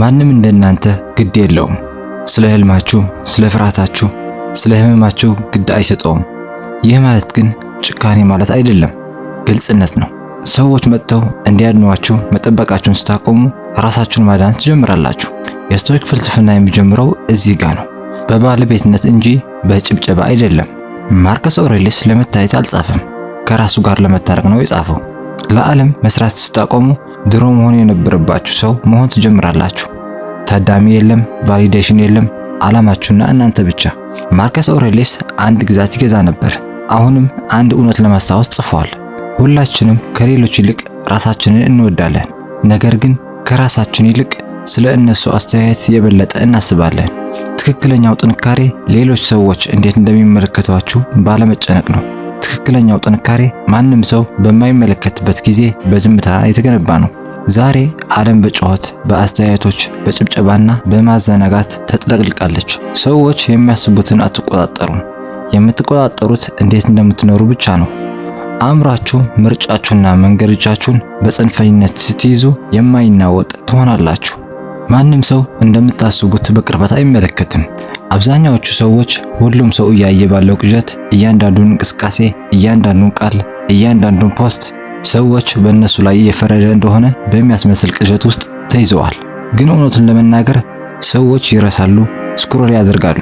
ማንም እንደናንተ ግድ የለውም። ስለ ህልማችሁ፣ ስለ ፍርሃታችሁ፣ ስለ ህመማችሁ ግድ አይሰጠውም። ይህ ማለት ግን ጭካኔ ማለት አይደለም፣ ግልጽነት ነው። ሰዎች መጥተው እንዲያድኗችሁ መጠበቃችሁን ስታቆሙ ራሳችሁን ማዳን ትጀምራላችሁ። የስቶይክ ፍልስፍና የሚጀምረው እዚህ ጋር ነው፣ በባለቤትነት እንጂ በጭብጨባ አይደለም። ማርከስ ኦሬሊስ ለመታየት አልጻፈም፣ ከራሱ ጋር ለመታረቅ ነው የጻፈው። ለዓለም መስራት ስታቆሙ ድሮ መሆን የነበረባችሁ ሰው መሆን ትጀምራላችሁ። ታዳሚ የለም፣ ቫሊዴሽን የለም፣ ዓላማችሁና እናንተ ብቻ። ማርከስ ኦሬሌስ አንድ ግዛት ይገዛ ነበር። አሁንም አንድ እውነት ለማስታወስ ጽፏል። ሁላችንም ከሌሎች ይልቅ ራሳችንን እንወዳለን። ነገር ግን ከራሳችን ይልቅ ስለ እነሱ አስተያየት የበለጠ እናስባለን። ትክክለኛው ጥንካሬ ሌሎች ሰዎች እንዴት እንደሚመለከቷችሁ ባለመጨነቅ ነው። ትክክለኛው ጥንካሬ ማንም ሰው በማይመለከትበት ጊዜ በዝምታ የተገነባ ነው። ዛሬ ዓለም በጩኸት በአስተያየቶች፣ በጭብጨባና በማዘናጋት ተጥለቅልቃለች። ሰዎች የሚያስቡትን አትቆጣጠሩም። የምትቆጣጠሩት እንዴት እንደምትኖሩ ብቻ ነው። አእምራችሁ ምርጫችሁና መንገዶቻችሁን በጽንፈኝነት ስትይዙ የማይናወጥ ትሆናላችሁ። ማንም ሰው እንደምታስቡት በቅርበት አይመለከትም። አብዛኛዎቹ ሰዎች ሁሉም ሰው እያየ ባለው ቅዠት እያንዳንዱን እንቅስቃሴ፣ እያንዳንዱን ቃል፣ እያንዳንዱን ፖስት ሰዎች በእነሱ ላይ የፈረደ እንደሆነ በሚያስመስል ቅዠት ውስጥ ተይዘዋል። ግን እውነቱን ለመናገር ሰዎች ይረሳሉ፣ ስክሮል ያደርጋሉ።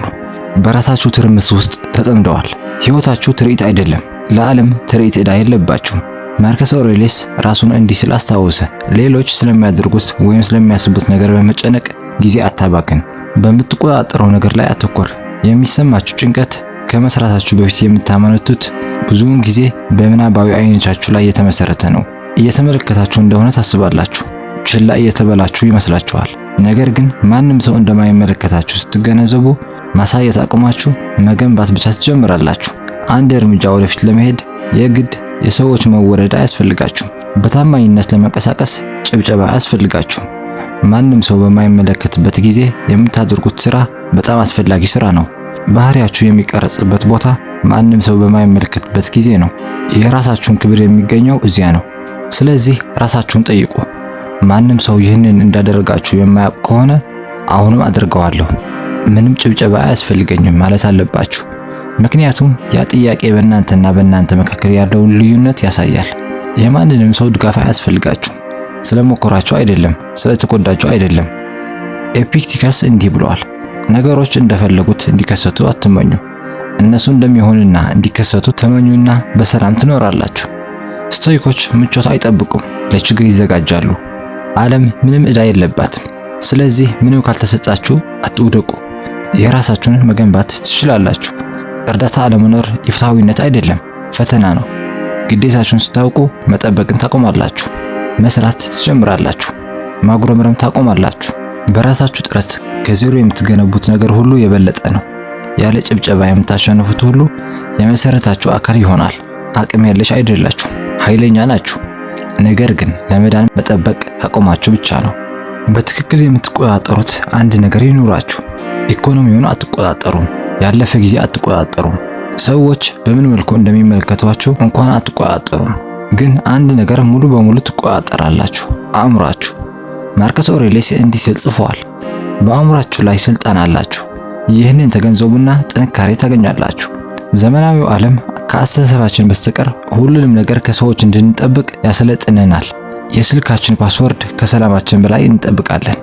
በራሳችሁ ትርምስ ውስጥ ተጠምደዋል። ሕይወታችሁ ትርኢት አይደለም። ለዓለም ትርኢት ዕዳ የለባችሁም። ማርከስ አውሬሊየስ ራሱን እንዲህ ስል አስታወሰ፣ ሌሎች ስለሚያደርጉት ወይም ስለሚያስቡት ነገር በመጨነቅ ጊዜ አታባክን በምትቆጣጠረው ነገር ላይ አተኮር። የሚሰማችሁ ጭንቀት ከመስራታችሁ በፊት የምታመነቱት ብዙውን ጊዜ በምናባዊ አይኖቻችሁ ላይ የተመሰረተ ነው። እየተመለከታችሁ እንደሆነ ታስባላችሁ። ችላ እየተበላችሁ ይመስላችኋል። ነገር ግን ማንም ሰው እንደማይመለከታችሁ ስትገነዘቡ ማሳየት አቅማችሁ መገንባት ብቻ ትጀምራላችሁ። አንድ እርምጃ ወደፊት ለመሄድ የግድ የሰዎች መወረድ አያስፈልጋችሁም በታማኝነት ለመንቀሳቀስ ጭብጨባ አያስፈልጋችሁም። ማንም ሰው በማይመለከትበት ጊዜ የምታደርጉት ስራ በጣም አስፈላጊ ስራ ነው። ባህሪያችሁ የሚቀረጽበት ቦታ ማንም ሰው በማይመለከትበት ጊዜ ነው። የራሳችሁን ክብር የሚገኘው እዚያ ነው። ስለዚህ ራሳችሁን ጠይቁ። ማንም ሰው ይህንን እንዳደረጋችሁ የማያውቅ ከሆነ አሁንም አድርገዋለሁ፣ ምንም ጭብጨባ አያስፈልገኝም ማለት አለባችሁ። ምክንያቱም ያ ጥያቄ በእናንተና በእናንተ መካከል ያለውን ልዩነት ያሳያል። የማንንም ሰው ድጋፍ አያስፈልጋችሁ። ስለሞከራቸው አይደለም፣ ስለተጎዳቸው አይደለም። ኤፒክቲከስ እንዲህ ብለዋል፣ ነገሮች እንደፈለጉት እንዲከሰቱ አትመኙ። እነሱ እንደሚሆንና እንዲከሰቱ ተመኙና በሰላም ትኖራላችሁ። ስቶይኮች ምቾት አይጠብቁም፣ ለችግር ይዘጋጃሉ። ዓለም ምንም ዕዳ የለባትም። ስለዚህ ምንም ካልተሰጣችሁ አትውደቁ። የራሳችሁን መገንባት ትችላላችሁ። እርዳታ አለመኖር የፍትሃዊነት አይደለም፣ ፈተና ነው። ግዴታችሁን ስታውቁ መጠበቅን ታቆማላችሁ። መስራት ትጀምራላችሁ። ማጉረምረም ታቆማላችሁ። በራሳችሁ ጥረት ከዜሮ የምትገነቡት ነገር ሁሉ የበለጠ ነው። ያለ ጭብጨባ የምታሸንፉት ሁሉ የመሰረታችሁ አካል ይሆናል። አቅም የለሽ አይደላችሁ፣ ኃይለኛ ናችሁ። ነገር ግን ለመዳን መጠበቅ ታቆማችሁ ብቻ ነው። በትክክል የምትቆጣጠሩት አንድ ነገር ይኑራችሁ። ኢኮኖሚውን አትቆጣጠሩም። ያለፈ ጊዜ አትቆጣጠሩም። ሰዎች በምን መልኩ እንደሚመለከቷችሁ እንኳን አትቆጣጠሩም። ግን አንድ ነገር ሙሉ በሙሉ ትቆጣጠራላችሁ፣ አእምሯችሁ። ማርከስ ኦሬሌስ እንዲህ ሲል ጽፏል፣ በአእምሯችሁ ላይ ስልጣን አላችሁ። ይህንን ተገንዘቡና ጥንካሬ ታገኛላችሁ። ዘመናዊው ዓለም ከአስተሳሰባችን በስተቀር ሁሉንም ነገር ከሰዎች እንድንጠብቅ ያሰለጥነናል። የስልካችን ፓስወርድ ከሰላማችን በላይ እንጠብቃለን።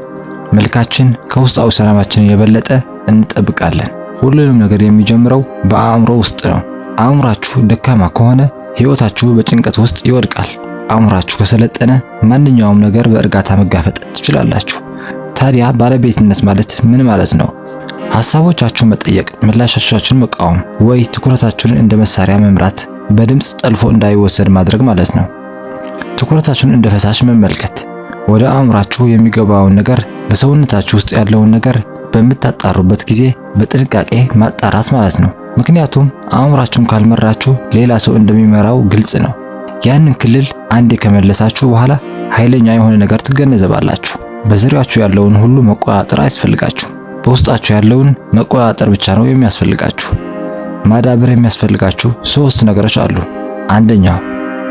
መልካችን ከውስጣዊ ሰላማችን የበለጠ እንጠብቃለን። ሁሉንም ነገር የሚጀምረው በአእምሮ ውስጥ ነው። አእምሯችሁ ደካማ ከሆነ ሕይወታችሁ በጭንቀት ውስጥ ይወድቃል። አእምሯችሁ ከሰለጠነ ማንኛውም ነገር በእርጋታ መጋፈጥ ትችላላችሁ። ታዲያ ባለቤትነት ማለት ምን ማለት ነው? ሐሳቦቻችሁን መጠየቅ፣ ምላሾቻችሁን መቃወም፣ ወይ ትኩረታችሁን እንደ መሳሪያ መምራት፣ በድምፅ ጠልፎ እንዳይወሰድ ማድረግ ማለት ነው። ትኩረታችሁን እንደ ፈሳሽ መመልከት፣ ወደ አእምሯችሁ የሚገባውን ነገር፣ በሰውነታችሁ ውስጥ ያለውን ነገር በምታጣሩበት ጊዜ በጥንቃቄ ማጣራት ማለት ነው። ምክንያቱም አምራችሁን ካልመራችሁ ሌላ ሰው እንደሚመራው ግልጽ ነው። ያንን ክልል አንዴ ከመለሳችሁ በኋላ ኃይለኛ የሆነ ነገር ትገነዘባላችሁ። በዙሪያችሁ ያለውን ሁሉ መቆጣጠር አያስፈልጋችሁ። በውስጣችሁ ያለውን መቆጣጠር ብቻ ነው የሚያስፈልጋችሁ። ማዳበር የሚያስፈልጋችሁ ሶስት ነገሮች አሉ። አንደኛው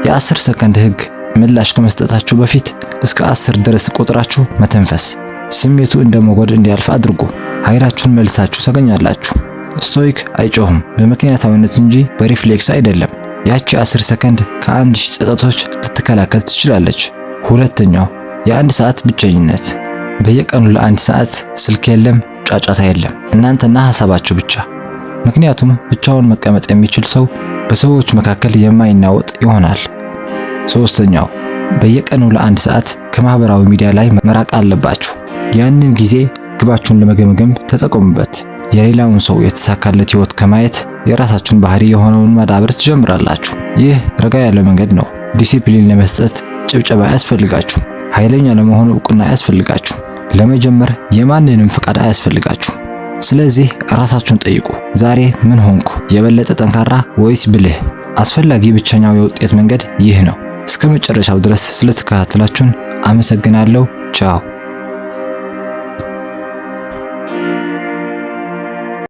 የአስር ሰከንድ ህግ። ምላሽ ከመስጠታችሁ በፊት እስከ አስር ድረስ ቆጥራችሁ መተንፈስ። ስሜቱ እንደ መጎድ እንዲያልፍ አድርጉ። ኃይላችሁን መልሳችሁ ታገኛላችሁ። ስቶይክ አይጮሁም በምክንያታዊነት እንጂ በሪፍሌክስ አይደለም። ያቺ 10 ሰከንድ ከአንድ ሺህ ጸጸቶች ልትከላከል ትችላለች። ሁለተኛው የአንድ ሰዓት ብቸኝነት። በየቀኑ ለአንድ ሰዓት ስልክ የለም፣ ጫጫታ የለም፣ እናንተና ሀሳባችሁ ብቻ። ምክንያቱም ብቻውን መቀመጥ የሚችል ሰው በሰዎች መካከል የማይናወጥ ይሆናል። ሶስተኛው በየቀኑ ለአንድ ሰዓት ከማህበራዊ ሚዲያ ላይ መራቅ አለባችሁ። ያንን ጊዜ ግባችሁን ለመገምገም ተጠቀሙበት። የሌላውን ሰው የተሳካለት ህይወት ከማየት የራሳችሁን ባህሪ የሆነውን ማዳበር ትጀምራላችሁ። ይህ ረጋ ያለ መንገድ ነው። ዲሲፕሊን ለመስጠት ጭብጨባ አያስፈልጋችሁ። ኃይለኛ ለመሆን እውቅና አያስፈልጋችሁ። ለመጀመር የማንንም ፍቃድ አያስፈልጋችሁ። ስለዚህ ራሳችሁን ጠይቁ። ዛሬ ምን ሆንኩ? የበለጠ ጠንካራ ወይስ ብልህ? አስፈላጊ ብቸኛው የውጤት መንገድ ይህ ነው። እስከ መጨረሻው ድረስ ስለተከታተላችሁን አመሰግናለሁ። ቻው